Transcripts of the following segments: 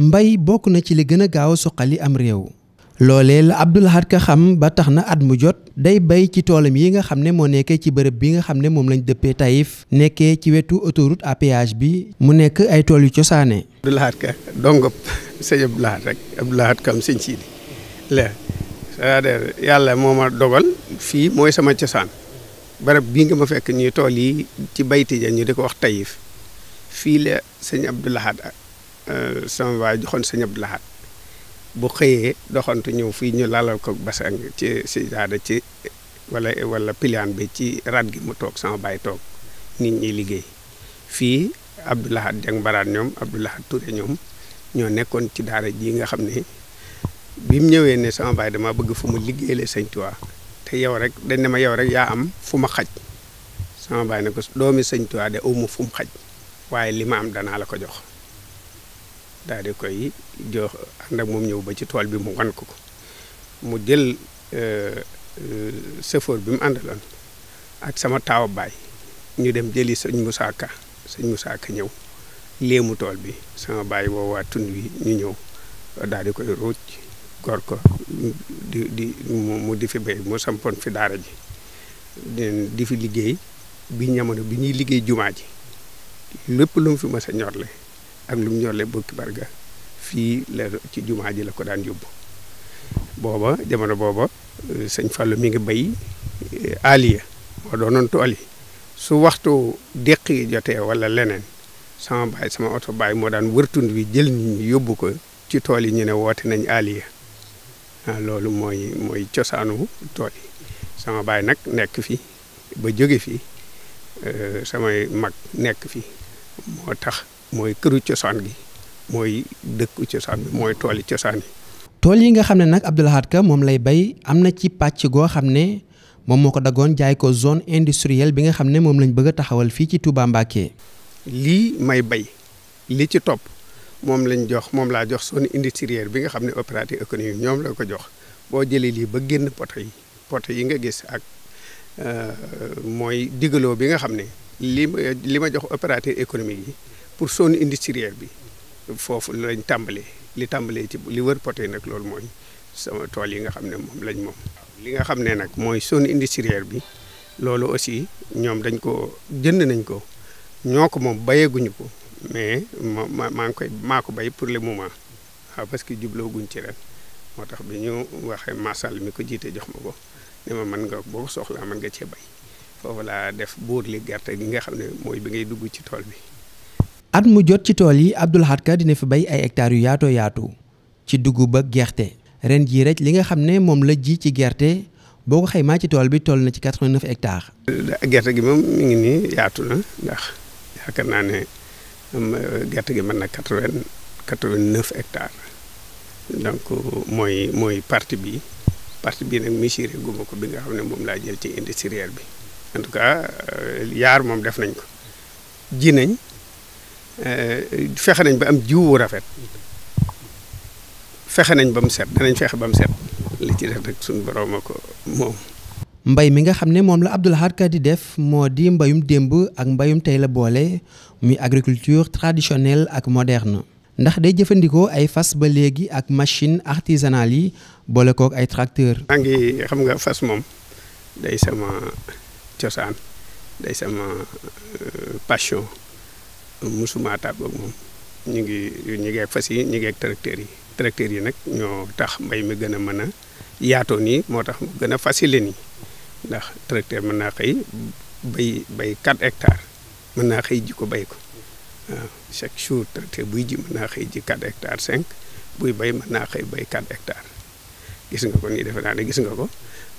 mbay bokk na ci li gën a gaaw a suqali am réew loolee la Abdou Ka xam ba tax na at mu jot day bay ci toolam yi nga xam ne moo nekkee ci bërëb bi nga xam ne moom lañ dëppee Taïf nekkee ci wetu autoroute à bi mu nekk ay tool yu cosaanee Abdou Lahad Ka dongob sëñ Abdou Lahad yàlla moo dogal fii mooy sama cosaan bërëb bii nga ma fekk ñuy tool yi ci bayti ja ñu ko wax Taïf fii la Euh, sama waay joxoon sëñ Abdou Lahad bu xëyee doxantu ñëw fii ñu lalal ko basang ci si daada ci walla wala pilaan bi ci rat gi mu toog sama baay toog nit ñi liggéey fii Abdou Lahad Dieng Baraan ñoom Abdou Lahad ñoom ñoo nekkoon ci daara ji nga xam ne bi mu ñëwee ni sama baay dama bëgg fu mu liggéeyale sëñ Tuubaa te yow rek dañ ne ma yow rek yaa am fu ma xaj sama baay ne ko doomi sëñ Tuubaa de awma fu mu xaj waaye li ma am danaa la ko jox daal koy jox ànd ak moom ñëw ba ci tool bi mu wan ko ko mu jël sëfoor euh, euh, bi mu àndaloon ak sama taawa baay ñu dem jëli sëñ musaaka Ka sëñ Moussa Ka ñëw léemu tool bi sama baay woowaa tund wi ñu ñëw daal di koy ruuj gor ko di di mu di fi bay mu sampoon fi daara ji di fi liggéey bi ñamono bi ñuy liggéey jumaa ji lépp lu mu fi mës a ñorle ak lu mu ñorle bokki barga fii la ci jumaa ji la ko daan yóbbu booba jamono booba euh, sëñ Fallou mi ngi bay euh, aliya moo doonoon tool yi su waxtu déq yi jotee wala leneen sama baay sama oto baay moo daan wërtund bi jël nit ñi yóbbu ko ci tool yi ñu ne woote nañ aliya ah, loolu mooy mooy cosaanu tool yi sama baay nag nekk fi ba jóge fi euh, samay mag nekk fi moo tax mooy këru cosaan gi mooy dëkku cosaan bi mooy tooli cosaan yi. tool yi nga xam ne nag Abdou Lahad Ka moom lay bay am na ci pàcc goo xam ne moom moo ko dagoon jaay ko zone industrielle bi nga xam ne moom lañ bëgg a taxawal fii ci Touba Mbacké. lii may bay li ci topp moom lañ jox moom laa jox zone industrielle bi nga xam ne opérateur économique ñoom la ko jox boo jëlee lii ba génn poto yi poto yi nga gis ak euh, mooy digaloo bi nga xam ne lii li ma jox opérateur économique yi. pour zone industrielle bi foofu lañ tàmbalee li tàmbalee ci li war poté nag loolu mooy sama tool yi nga xam ne moom lañ moom. li nga xam ne nag mooy zone industrielle bi loolu aussi ñoom dañ ko jënd nañ ko ñoo ko moom bayeeguñu ko mais ma maa ngi koy maa ko bay pour le moment waaw parce que jublooguñ ci ren moo tax bi ñu waxee masal mi ko jiite jox ma ko ne ma mën nga boo ko soxlaa man nga cee bay foofu laa def buur li gerte gi nga xam ne mooy bi ngay dugg ci tool bi. at mu jot ci tool yi Abdou Lahad Ka dina fi bay ay hectares yu yaatoo yaatu ci dugub ak gerte ren jii rek li nga xam ne moom la ji ci gerte boo ko xaymaa ci tool bi toll na ci 89 hectares. gerte gi moom mu ngi nii yaatu na ndax yaakaar naa ne gerte gi mën na 80 89 hectares donc mooy mooy partie bi partie bi nag mesuré guma ko bi nga xam ne moom laa jël ci industriel bi en tout cas euh, yaar moom def nañ ko ji nañ. Eh, fexe nañ ba am jiwu rafet fexe nañ ba mu set danañ fexe ba mu set li ci def nag suñu borom ko moom. mbay mi nga xam ne moom la Abdou Lahad di def moo di mbayum démb ak mbayum tey la boole muy agriculture traditionnelle ak moderne ndax day jëfandikoo ay fas ba léegi ak machine artisanale yi boole kook ay tracteur maa ngi xam nga fas moom day sama cosaan day sama euh, passion. musuma tàggu ak moom ñu ngi ñu ngi ak fas yi ñu ngi ak tracteurs yi tracteurs yi nag ñoo tax mbay mi gën a mën a yaatoo nii moo tax mu gën a facile nii ndax tracteur mën naa xëy bay bay 4 hectares mën naa xëy ji ko bay ko waaw chaque jour tracteur buy ji mën naa xëy ji 4 hectares 5 buy bay mën naa xëy bay 4 hectares gis nga ko nii defe naa ne gis nga ko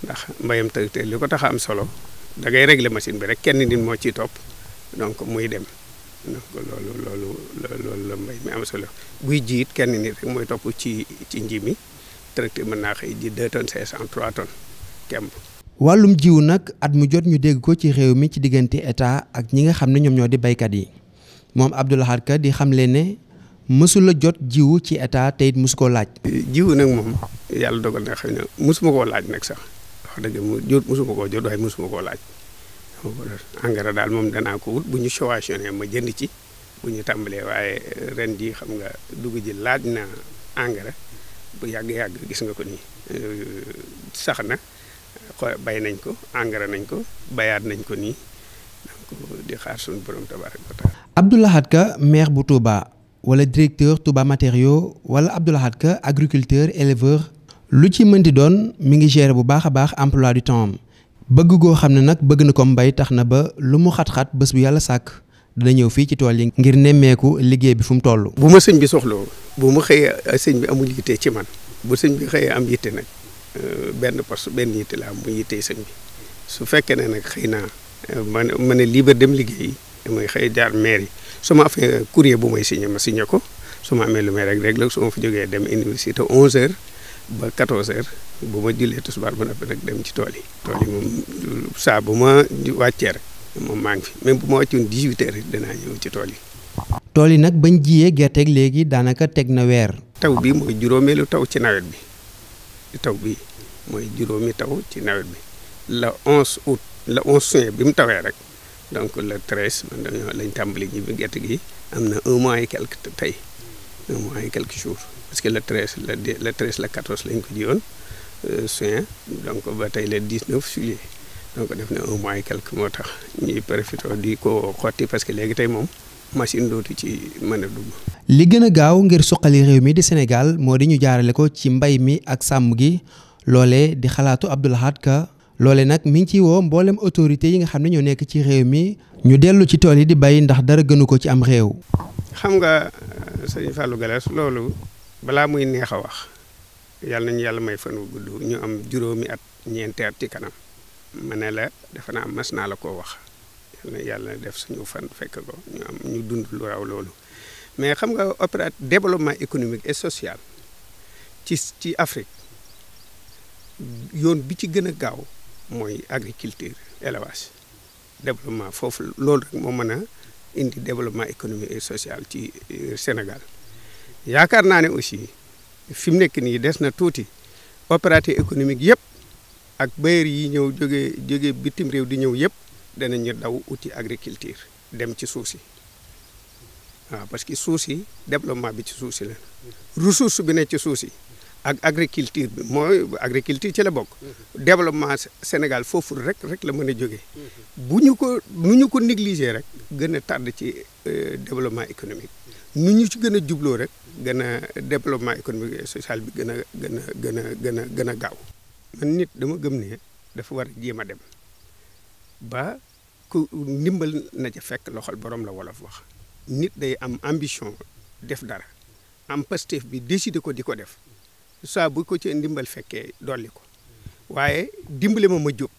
ndax mbayam tracteur li ko tax a am solo da ngay machine bi rek kenn nit moo ciy topp donc muy dem donc loolu loolu la mbay mi am solo buy jiit kenn nit rek mooy topp ci ci nji mi tracteur mën naa xëy ji 2 tonnes 500 3 tonnes kemb. wàllum jiwu nag at mu jot ñu dégg ko ci réew mi ci diggante état ak ñi nga xam ne ñoom ñoo di baykat yi moom Abdou Lahad Ka di xamle ne mësula jot jiwu ci état te it mësu koo laaj. jiwu nag moom yàlla dogal na xëy na mësuma koo laaj nag sax wax dëgg mu jot mësuma koo jot waaye mësuma koo laaj. engrais daal moom danaa ko wut bu ñu subventionné ma jënd ci bu ñu tàmbalee waaye ren ji xam nga dugub ji laaj na engrais bu yàgg-yàgg gis nga ko nii sax na bay nañ ko engrais nañ ko bayaat nañ ko nii donc di xaar suñu borom tabaaraka wa taala Abdou Lahad bu Touba wala directeur Touba matériaux wala Abdou Lahad agriculteur éleveur lu ci mën di doon mu ngi gérer bu baax a baax emploi du temps bëgg goo xam ne nag bëgg na ko mbay tax na ba lu mu xat-xat bés bu yàlla sàkk dana ñëw fii ci tool yi ngir nemmeeku liggéey bi fu mu toll bu ma sëñ bi soxloo bu ma xëyee sëñ bi amul yitte ci man bu sëñ bi am yitte nag euh, benn poste benn yitte la mu yittee sëñ bi su fekkee ne nag xëy naa man euh, ma ne liibar dem liggéey damay xëy jaar maire yi su ma afee courrier bu may signé ma signé ko su ma amee lu may rek rek la su ma fa jógee dem université 11 heures ba 14 heures bu ma jullee tisbaar ba noppi nag dem ci tool yi. tool yi moom saa bu ma wàccee rek moom maa ngi fi même bu ma wàccoon 18 heures danaa ñëw ci tool yi. tool yi nag bañ jiyee gerteeg léegi daanaka teg na weer. taw bi mooy juróomeelu taw ci nawet bi taw bi mooy juróomi taw ci nawet bi la 11 août la 11 juin bi mu tawee rek donc le 13 lañ tàmbali ñibbi gerte gi am na un mois et quelque tey un mois et quelques parce que le treize la le treize la quatorze lañ ko jiwoon euh, juin donc ba tey le dix-neuf donc def na un mois et quelque moo tax ñuy profité di ko xotti parce que léegi tey moom machine dootu ci mën a dugg. li gën a gaaw ngir suqali réew mi di Sénégal moo di ñu jaarale ko ci mbay mi ak sàmm gi loole di xalaatu Abdou Lahad Ka loole nag mi ngi ciy woo mboolem autorité yi nga xam ne ñoo nekk ci réew mi ñu dellu ci tool yi di bay ndax dara gënu ko ci am réew. xam nga euh, sëñ Fallou Gallas balaa muy neex a wax yàlla nañu yàlla may fan wu gudd ñu am juróomi at ñeenti at ci kanam ma ne la defe naa mas naa la ko wax yàlla na def suñu fan fekk ko ñu am ñu dund lu raw loolu mais xam nga opérat développement économique et social ci ci Afrique yoon bi ci gën a gaaw mooy agriculture élevage développement foofu loolu rek moo mën a indi développement économique et sociale ci euh, Sénégal yaakaar naa ne aussi fi mu nekk nii des na tuuti opérateur économique yëpp ak bailleurs yi ñëw jóge jóge bitim réew di ñëw yëpp danañu daw uti agriculture dem ci suuf si waaw parce que suuf si développement bi ci suuf si la ressource bi ne ci suuf si ak agriculture bi mooy agriculture ci la bokk développement Sénégal foofu rek rek la mën a jógee mm-hmm. bu ñu ko bu ñu ko négligé rek gën a tàdd ci euh, développement économique nu ñu ci gën a jubloo rek gën a développement économique et social bi gën a gën a gën a gën gën a gaaw man nit dama gëm ne dafa war a jéem a dem ba ku ndimbal na ca fekk loxol borom la wolof wax nit day am ambition def dara am pastef bi décidé ko di ko def saa bu ko ci ndimbal fekkee dolli ko waaye dimbale ma ma jóg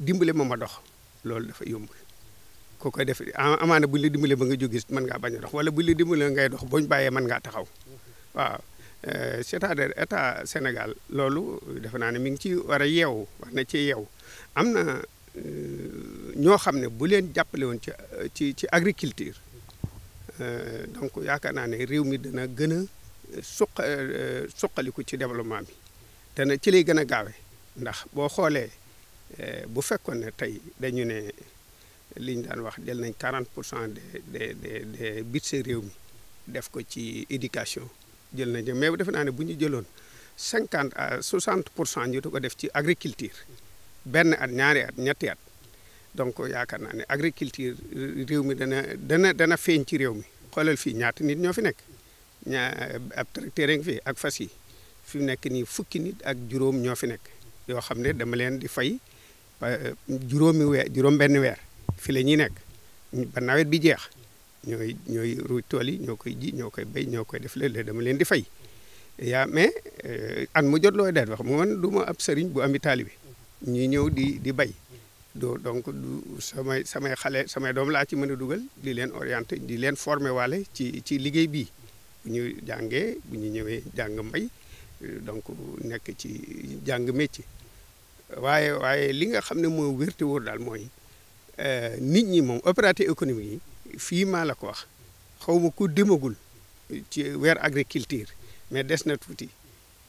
dimbale ma ma dox loolu dafa yomb ku koy def amaana bu la dimbalee ba nga jógee man ngaa bañ a dox wala buñ la dimbalee ngay dox buñ bàyyee mën ngaa taxaw waaw euh, cest à état Sénégal loolu defe naa ne mi nga ci war a yeewu war na ci yeewu am na euh, ñoo xam ne bu leen jàppale woon ci ci ci agriculture euh, donc yaakaar naa ne réew mi dana gën a suqa suqaliku ci développement bi dana ci lay gën a gaawe ndax boo xoolee bu fekkoon ne tey dañu ne li ñu daan wax jël nañ 40 pour cent des des des des réew mi def ko ci éducation jël nañ mais defe naa ne bu ñu jëloon 50 à 60 pour cent ñu ko def ci agriculture benn at ñaari at ñetti at donc yaakaar naa ne agriculture réew mi dana dana dana feeñ ci réew mi xoolal fii ñaata nit ñoo fi nekk ñaa ab tracteur ak fas yi fi mu nekk nii fukki nit ak juróom ñoo fi nekk yoo xam ne dama leen di fay juróomi weer juróom benn weer fi la ñuy nekk ba nawet bi jeex ñooy ñooy ruuj tool yi ñoo koy ji ñoo koy bay ñoo koy def léeg-léeg dama leen di fay yaa mais euh, at mu jot looy deet wax man du ab sëriñ bu am ami taalibe ñuy ñëw di di bay do donc du samay samay xale samay doom laa ci mën a dugal di leen orienté di leen formé waale ci ci liggéey bii bu ñu jàngee bu ñu ñëwee jàng mbay euh, donc nekk ci jàng métier waaye waaye li nga xam ne moo wér te wóor daal mooy Euh, nit ñi moom opérateur économique yi fii maa la ko wax xaw ma ku demagul ci weer agriculture mais des na tuuti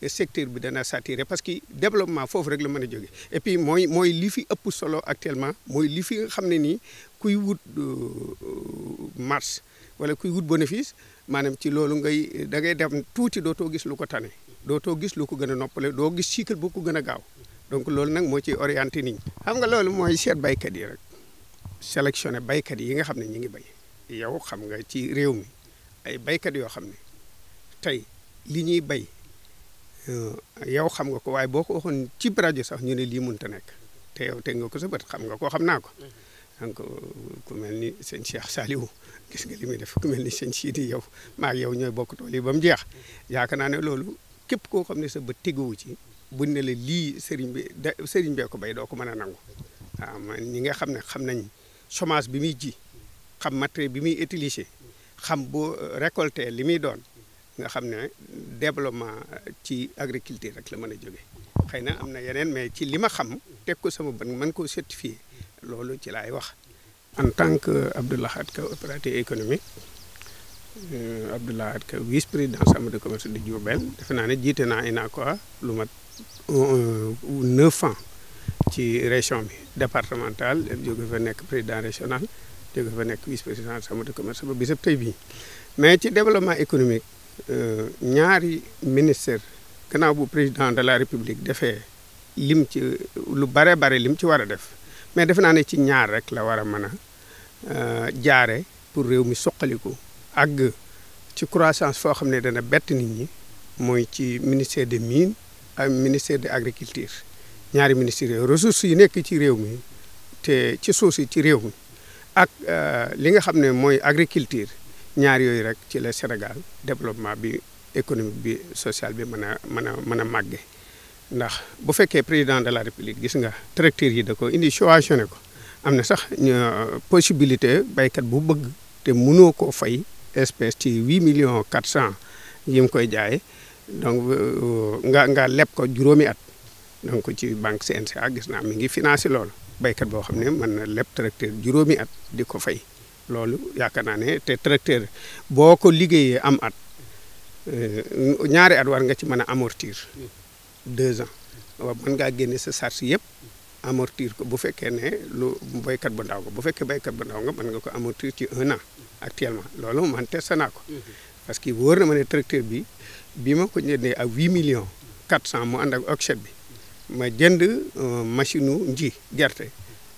secteur bi dana saturé parce que développement foofu rek la mën a jóge et mooy mooy li fi ëpp solo actuellement mooy li fi xam ne nii kuy wut euh, euh, marche wala kuy wut bénéfice maanaam ci loolu ngay da ngay dem tuuti dootoo gis lu ko tane dootoo gis lu ko gën a noppale doo gis cycle bu ko gën a gaaw donc loolu nag moo ci orienté nit ñi xam nga loolu mooy seet baykat yi rek. sélectionné baykat yi nga xam ne ñu ngi bay yow xam nga ci réew mi ay baykat yoo xam ne tey li ñuy bay euh, yow xam nga ko waay boo ko waxoon ci rajo sax ñu ne lii mënta nekk te yow teg nga ko sa bët xam nga ko xam naa ko mm-hmm. donc euh, ku mel ni sëñ Cheikh Saliou gis nga li def ku mel ni sëñ Sidi yow maa yow ñooy bokk tool yi ba mu jeex mm-hmm. yaakaar naa ne loolu képp koo xam ne sa bët teguwu ci buñ ne la lii sëriñ bi da sëriñ bee ko bay doo ko mën a nangu waaw ah, man ñi nga xam ne xam nañ semence bi muy ji xam matériel bi muy utiliser xam boo récolter li muy doon nga xam ne développement ci agriculture rek la mën a jóge xëy na am na yeneen mais ci li ma xam teg ko sama ban mën koo certifié loolu ci laay wax en tant que Abdou Lahad Ka opérateur économique euh, Abdou Lahad Ka vice président chambre de commerce de Diourbel defe naa ne jiite naa INACOA lu mat neuf ans ci région bi départementale jóge fa nekk président régional jóge fa nekk vice président chambre de commerce ba bisab tey bii mais ci développement économique euh, ñaari ministère gannaaw bu président de la république defee lim ci lu bare bare lim ci war a def mais defe naa ne ci ñaar rek la war a mën a euh, jaare pour réew mi suqaliku àgg ci croissance foo xam ne dana bett nit ñi mooy ci ministère des mines ak ministère de agriculture ñaari ministres yooyu ressources yi nekk ci réew mi te ci suuf si ci réew mi ak euh, li nga xam ne mooy agriculture ñaari yooyu rek ci la Sénégal développement bi économique bi social bi mën a mën a mën a màgge ndax bu fekkee président de la république gis nga tracteur yi da ko indi subventionné ko am na sax euh, possibilité béykat bu bëgg te munoo ko fay espèce ci huit million quatre cent yi mu koy jaay donc euh, nga nga leb ko juróomi at donc ci banque CNCA gis naa mi ngi financé loolu béykat boo xam ne mën na leb tracteur juróomi at di ko fay loolu yaakaar naa ne te tracteur boo ko liggéeyee am at euh, ñaari at war nga ci mën a amortir deux ans waaw mën ngaa génne sa charge yëpp amortir ko bu fekkee ne lu béykat bu ndaw nga bu fekkee béykat bu ndaw nga mën nga ko amortir ci un an actuellement loolu man testé naa ko mhm. parce que wóor na ma ne tracteur bi bi ma ko jëndee ak million millions 400 mu ànd ak oxet bi ma jënd euh, machine u nji gerte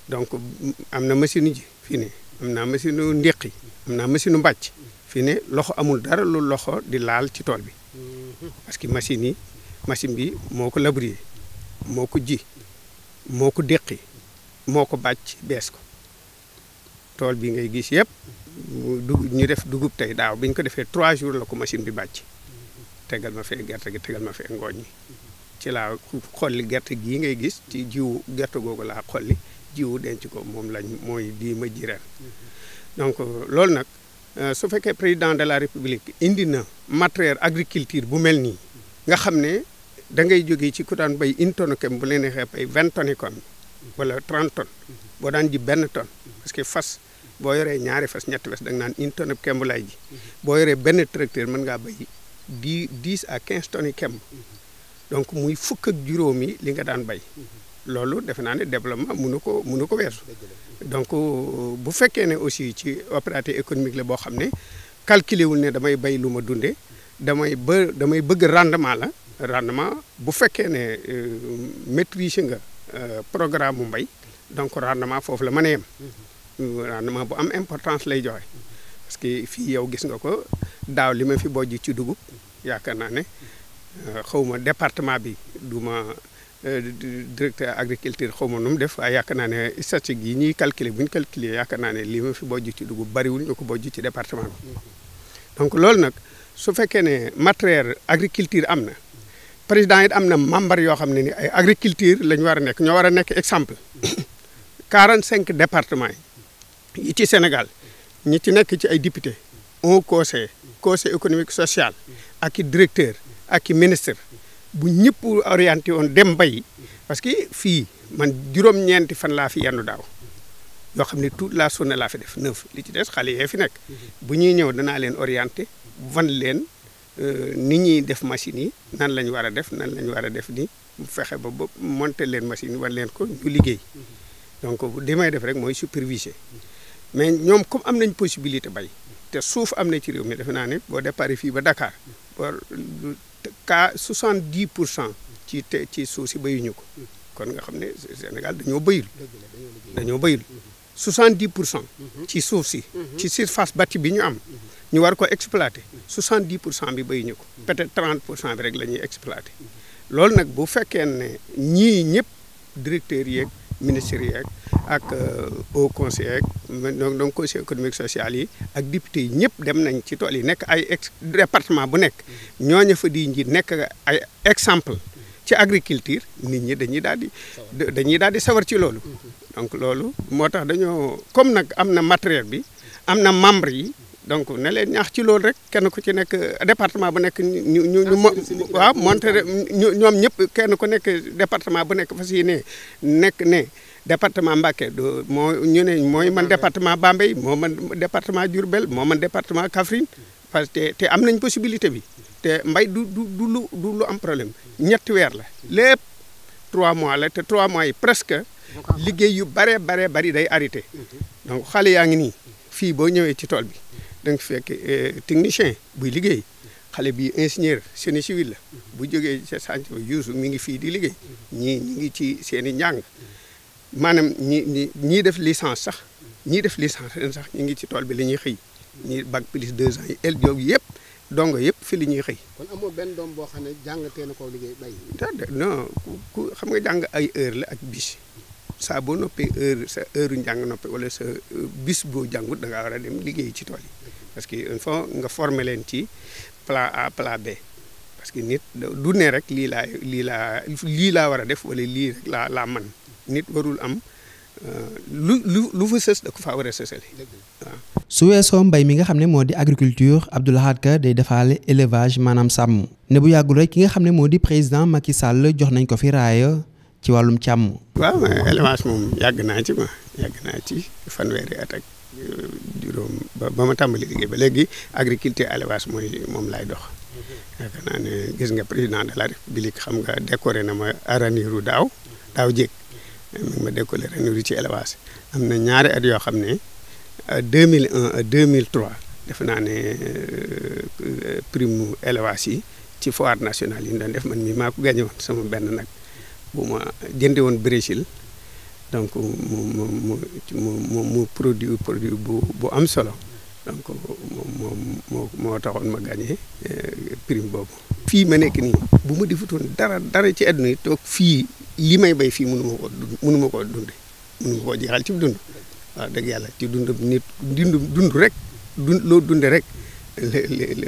donc am na machine u ji fii ne am naa machine u ndéqi am naa machine u mbàcc fii ne loxo amul dara lu loxo di laal ci tool bi parce que machine yi machine bi moo ko labouré moo ko ji moo ko déqi moo ko bàcc bees ko tool bi ngay gis yëpp dugub ñu def dugub tey daaw bi ñu ko defee trois jours la ko machine bi bàcc tegal ma fee gerte gi tegal ma fee ngooñ yi ci laa xolli gerte gii ngay gis ci jiwu gerte googu laa xolli jiwu denc ko moom lañ mooy bii ma ji donc loolu nag euh, su fekkee président de la république indi na matériel agriculture bu mel nii nga xam ne da ngay jógee ci ku daan béy une tonne kem bu leen neexee bay vingt tonnes kom wala trente tonnes boo daan ji benn tonne parce que fas boo yoree ñaari fas ñetti fas da nga naan une tonne kemb lay ji boo yoree benn tracteur mën ngaa béy dix dix à quinze tonnes kemb donc muy fukk ak juróomi li nga daan bay loolu defe naa ne développement mënu ko mënu ko weesu donc euh, bu fekkee ne aussi ci opérateur économique la boo xam ne calculer wul ne damay bay lu ma dundee damay bë damay bëgg rendement la rendement bu fekkee ne euh, maîtriser nga euh, programme mu mbay donc rendement foofu la mën a yem rendement bu am importance lay joxe parce que fii yow gis nga ko daaw li ma fi bojj ci dugub yaakaar naa ne Euh, xaw ma département bi du ma euh, directeur agriculture xaw ma nu mu def ay yaakaar naa ne statistique yi ñuy calculer bu ñu calculer yaakaar naa ne lii ma fi bojj ci dugub bariwul ñu ko boo bojj ci département bi donc loolu nag su fekkee ne matériel agriculture am na président it am na membre yoo xam ne ni ay agriculture la ñu war a nekk ñoo war a nekk exemple quarante cinq départements yi ci Sénégal ñi ci nekk ci ay député un conseil conseil économique social ak i directeur ak i ministre bu ñëpp orienté woon dem bay parce que fii man juróom-ñeenti fan laa fi yendu daaw yoo xam ne toute la journée laa fi def neuf li ci des xale yee fi nekk bu ñuy ñëw danaa leen orienté wan leen euh, ni ñuy def machine yi nan la war a def nan la war a def ni fexe ba ba monter leen machine yi wan leen ko ñu liggéey donc li may def rek mooy superviser mais ñoom comme am nañ possibilité bay te suuf am na ci réew mi defe naa ne boo départ fii ba Dakar cas soixante dix pour cent ci te ci suuf si béyuñu ko kon nga xam ne Sénégal dañoo béyul dañoo béyul soixante dix pour cent ci suuf si ci surface bâti bi ñu am ñu war ko exploité soixante dix pour cent bi béyuñu ko peut trente pour cent bi rek la ñuy exploiter loolu nag bu fekkee ne ñii ñëpp directeurs yeeg ministres yi ak euh, au conseil yeeg donc donc conseil économique sociale yi ak député yi ñëpp dem nañ ci tool yi nekk ay ex département bu nekk ñooñu fa di njiit nekk ay exemple ci agriculture nit ñi dañuy daal di dañuy daal di sawar ci loolu mm-hmm. donc loolu moo tax dañoo comme nag am na matériel bi am na membre yi donc ne leen ñaax ci loolu rek kenn ku ci nekk département bu nekk ñu ñu ñu ah, waaw monter ñu ñoom ñëpp kenn ku nekk département bu nekk fas yéene nekk ne département Mbacké moo ñu mooy man département Bambey moo man département Diourbel moo man département Kaffrine parce que te am nañ possibilité bi te mbay du du lu lu am problème ñetti weer la lépp trois mois la te trois mois yi presque liggéey yu bare bare bari day arrêté mm-hmm. donc xale yaa ngi nii fii boo ñëwee ci tool bi da nga fekk eh, technicien buy liggéey xale bi ingénieur génie civil la bu jógee sa sant Youssou mi ngi fii di liggéey ñii ñi ngi ci seen i njàng maanaam ñi ñii def licence sax ñii def licence ren sax ñi ngi ci tool bi la ñuy xëy ñii bac plus deux ans yi el joob yëpp dongo yëpp fi li ñuy xëy. kon amoo benn doom boo xam ne jàngatee na koo liggéey bay. non ku xam nga jàng ay heure la ak bis. saa boo noppee heure sa heure njàng noppi wala sa euh, bis boo jàngut da war a dem liggéey ci tool yi parce que il nga former leen ci plan A plan B parce que nit du ne rek lii laa lii laa lii laa war a def wala lii rek laa laa man nit warul am euh, lu lu lu fa sës da ko faa war a sësale waaw. su weesoo mbay mi nga xam ne moo di agriculture Abdou Lahad Ka day defaale élevage maanaam sàmm ne bu yàggul rek ki nga xam ne moo di président Macky Sall jox nañ ko fi raaya. ci wàllum càmm. waaw élevage moom yàgg naa ci ma yàgg naa ci fanweeri at ak euh, juróom ba ma tàmbali liggéey ba léegi agriculture élevage mooy moom laay dox. Mhm. yaakaar naa ne gis nga président de la république xam nga décoré na ma araniru daaw daaw jéeg mi ngi ma décoré araniru ci élevage am na ñaari at yoo xam ne 2001 euh, à 2003 defe naa ne euh, prime élevage yi ci foire national yi ñu doon def man mii maa ko gagné woon sama benn nag bu ma jënde woon Brésil donc mu mu produit produit bu bu am solo donc moom moo moo taxoon ma gagné euh, prime boobu. fii ma nekk nii bu ma defutoon dara dara ci àdduna yi toog fii li may bay fii mënu ma koo dund mënu ma koo jeexal ci dund waaw dëgg yàlla ci dund nit dund dund rek dund loo dundee rek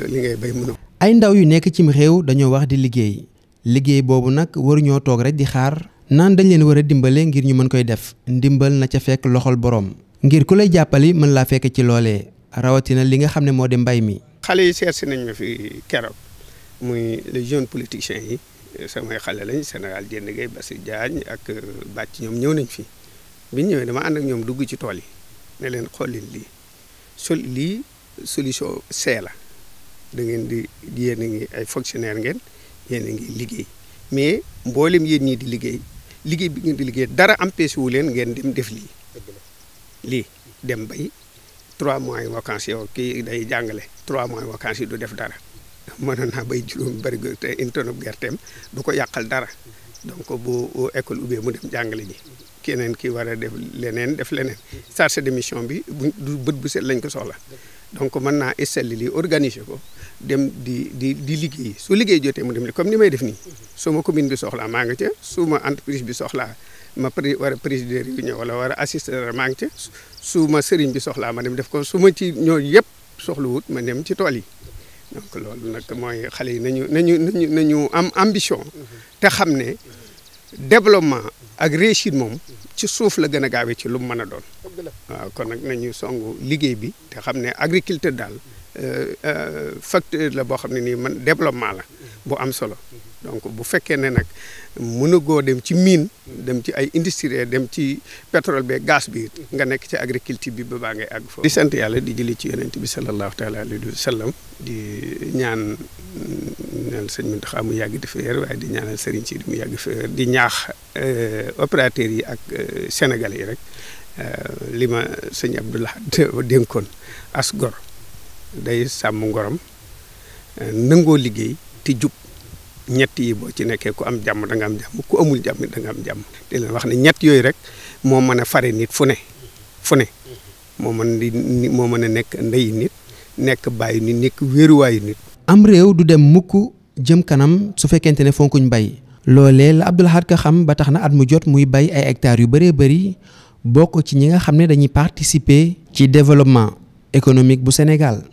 li ngay bay mënu ay ndaw yu nekk cim réew dañoo wax di liggéey. liggéey boobu nag waruñoo toog rek di xaar naan dañ leen war a dimbale ngir ñu mën koy def ndimbal na ca fekk loxol boroom ngir ku lay jàppali mën laa fekk ci loolee rawatina li nga xam ne moo di mbay mi. xale yi seet si nañ ma fi keroog muy les jeunes politiciens yi samay xale lañ Sénégal jënd gay Bassi Diagne ak euh, bàcc ñoom ñëw nañ fi bi ñëwee dama ànd ak ñoom dugg ci tool yi ne leen xollin lii sol lii solution C la da ngeen di yéen ngi ay fonctionnaire ngeen. yéen a ngi liggéey mais mboolem yéen ñii di liggéey liggéey bi ngeen di liggéey dara empêché wu leen ngeen dem def lii lii dem bay trois mois yi vacances yow kii day jàngale trois mois yi yi du def dara mënoon naa bay juróom bari te une tonne gerteem du ko yàqal dara donc bu école ubbee mu dem jàngale ji keneen ki war a def leneen def leneen chargé de mission bi bu bët bu set lañ ko soxla donc mën naa installer lii organiser ko dem di di di liggéey su liggéey jotee mu dem li comme ni may def nii su ma commune bi soxla maa nga ca su ma entreprise bi soxlaa ma pré war a présider réunion wala war a assister maa ngi ca bi soxlaa ma dem def ko su ma ci ñooñu yëpp soxlawut ma dem ci tool yi donc loolu nag mooy xale yi nañu nañu nañu nañu am ambition mm-hmm. te xam ne développement ak réussite moom ci suuf la gën a gaaw gaawee ci lu mën a doon waaw kon nag nañu songu liggéey bi te xam ne agriculture daal euh, euh, facteur la boo xam ne nii man développement la bu am solo mm-hmm. donc bu fekkee ne nag mënagoo dem ci mine dem ci ay industrie dem ci pétrole bee gaz bi nga nekk ci agriculture bi ba baa ngay àgg foofu. di sant yàlla di jëli ci yonent bi sallallahu taala alayhi wa sallam di ñaan sëñ Mountakha mu yàgg di waaye di ñaanal sëriñ si mu yàgg feer di ñaax euh, opérateurs yi ak euh, sénégalais yi rek euh, li ma sëñ Abdoulah dénkoon as gor day sàmm ngorom nangoo liggéey te jub. ñett yi boo ci nekkee ku am jàmm danga am jàmm ku amul jàmm da am jàmm di leen wax ne ñett yooyu rek moo mën a fare nit fu ne fu ne moo mën a nekk ndeyi nit nekk bàyyi nit nekk wéeruwaayu nit am réew du dem mukk jëm kanam su fekkente ne fonkuñ bay loolee la Abdou Lahad Ka xam ba tax na at mu jot muy bay ay hectares yu bëree bëri bokk ci ñi nga xam ne dañuy participer ci développement économique bu Sénégal